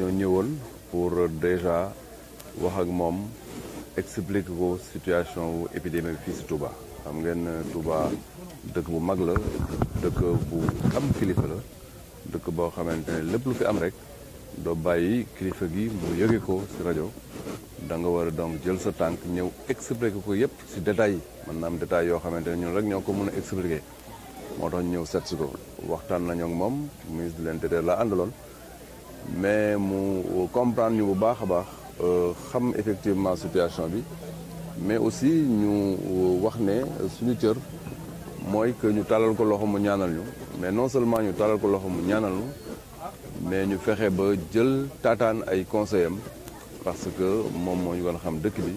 dañoo ñëwoon pour déjà wax ak moom explique ko situation wu épidémie fii si Touba xam ngeen euh, Touba dëkk bu mag la dëkk bu am kilifa la dëkk boo xamante ne lépp lu fi am rek doo bàyyi kilifa gi mu yëge ko si rajo danga nga war a donc jël sa tànk ñëw expliqué ko yëpp si détails yi mën na am détails yoo xamante ne ñun rek ñoo ko mun a expliqué moo tax ñëw set si ko waxtaan nañu ak moom ministre de l'intérieur la àndaloon mais mu euh, comprendre ñu bu baax a baax euh, xam effectivement situation bi mais aussi ñu euh, wax ne suñu cër mooy que ñu talal ko loxo mu ñaanal ñu mais non seulement ñu talal ko loxo mu ñaanal ñu mais ñu fexe ba jël taataan ay conseil am parce que moom moo ñu war a xam dëkk bi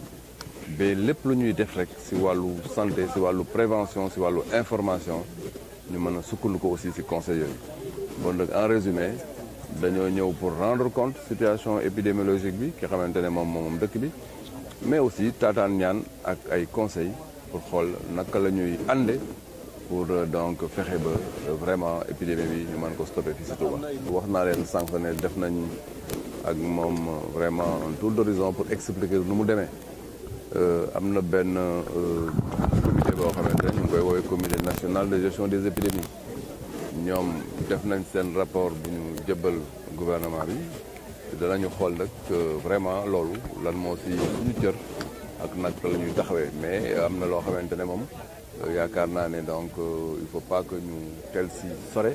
ba lépp lu ñuy def rek si wàllu santé si wàllu prévention si wàllu information ñu mën a sukkandiku ko aussi si conseil yooyu bon nag en résumé dañoo ñëw pour rendre compte situation épidémiologique bi ki xamante ne moom moom dëkk bi mais aussi taataan ñaan ak ay conseils pour xool naka la ñuy ànde pour euh, donc fexe ba euh, vraiment épidémie bi ñu mën ko stopper fii si Touba. wax naa leen sànq ne def nañ ak moom vraiment un tour d'horizon pour expliquer nu mu demee euh, am na benn comité boo xamante ne ñu ngi koy woowee comité national de gestion des épidémies ñoom def nañ seen rapport bu ñu. jëbbal gouvernement bi danañu xool nag euh, vraiment loolu lan moo si suñu cër ak nag la ñuy taxawee mais euh, am na loo xamante ne moom euh, yaakaar naa ne donc il faut pas que ñu tel si sore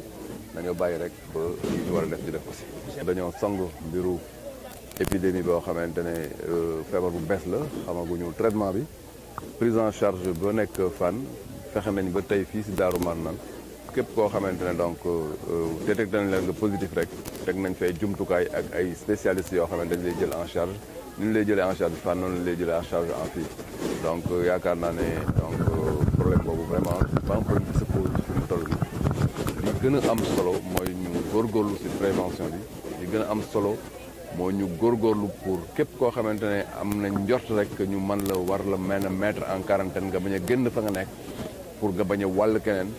nañu bàyyi rek ba li ñu war a def di def aussi. dañoo song mbiru épidémie boo xamante ne feebar bu bees la xamaguñu traitement bi prise en charge ba nekk fan fexe nañ ba tey fii si Daaru Marnaan képp koo xamante ne donc euh, détecté nañ la nga positif rek teg nañ fay jumtukaay ak ay spécialistes yoo xamante dañ lay jël en charge ni ñu lay jëlee en charge fan noonu lay jëlee en charge en fii donc euh, yaakaar naa ne donc euh, problème boobu vraiment pas un problème qui se pose fi gën a am solo mooy ñu góorgóorlu si prévention bi li gën a am solo moo ñu góorgóorlu pour képp koo xamante ne am na njort rek ñu mën la war la mën a mettre en quarantaine nga bañ génn fa nga nekk pour nga bañ a wàll keneen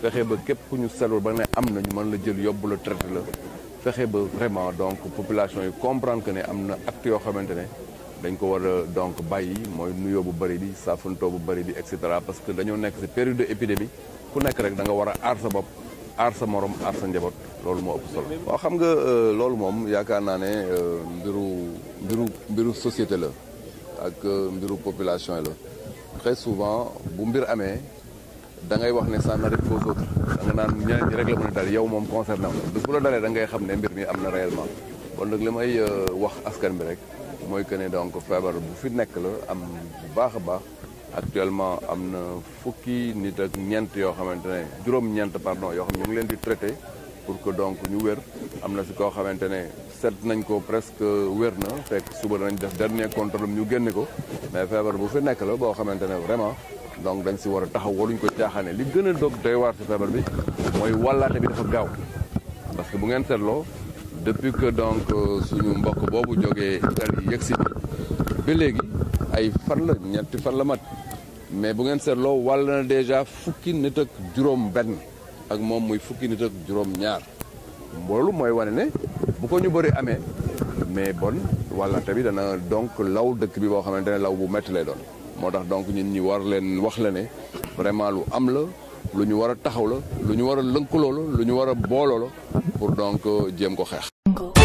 fexe ba képp ku ñu selul ba ne am na ñu mën la jël yóbbu la traité la fexe ba vraiment donc population yi comprendre que ne am na acte yoo xamante ne dañ ko war a donc bàyyi mooy nuyoo bu bëri bi saafantoo bu bëri bi et cetera parce que dañoo nekk si période de épidémie ku nekk rek danga war a aar sa bopp aar sa morom aar sa njaboot loolu moo ëpp solo. waaw xam nga euh, loolu moom yaakaar naa ne euh, mbiru mbiru mbiru société la ak euh, mbiru population la souvent bu mbir amee. da ngay wax ne ça n'arrive qu'aux autres da nga naan ñeneen ñi rek la mën a dal yow moom concerné am la bis bu la dalee da ngay xam ne mbir mi am na réellement kon nag li may euh, wax askan bi rek mooy que ne donc feebar bu fi nekk la am bu baax a baax actuellement am na fukki nit ak ñeent yoo xamante ne juróom-ñeent pardon yoo xam ne ñu ngi leen di traité pour que donc ñu wér am na si koo xamante ne seet nañ ko presque wér na fekk suba danañ def dernier contrôle ñu génne ko mais feebar bu fi nekk la boo xamante ne vraiment donc dañ si war a taxaw waruñ ko caaxaane li gën a doog doy waar si feebar bi mooy wallaate bi dafa gaaw parce que bu ngeen seetloo depuis que donc euh, suñu mbokk boobu jógee Italie yëg si ba léegi ay fan la ñetti fan la mat mais bu ngeen seetloo wàll na déjà fukki nit ak juróom benn ak moom muy fukki nit ak juróom ñaar loolu mooy wane ne bu ko ñu bëri amee mais bon wàllante bi dana donc law dëkk bi boo xamante ne law bu métti lay doon moo tax donc ñun ñi war leen wax la ne vraiment lu am la lu ñu war a taxaw la lu ñu war a lënkaloo la lu ñu war a booloo la pour donc euh, jéem ko xeex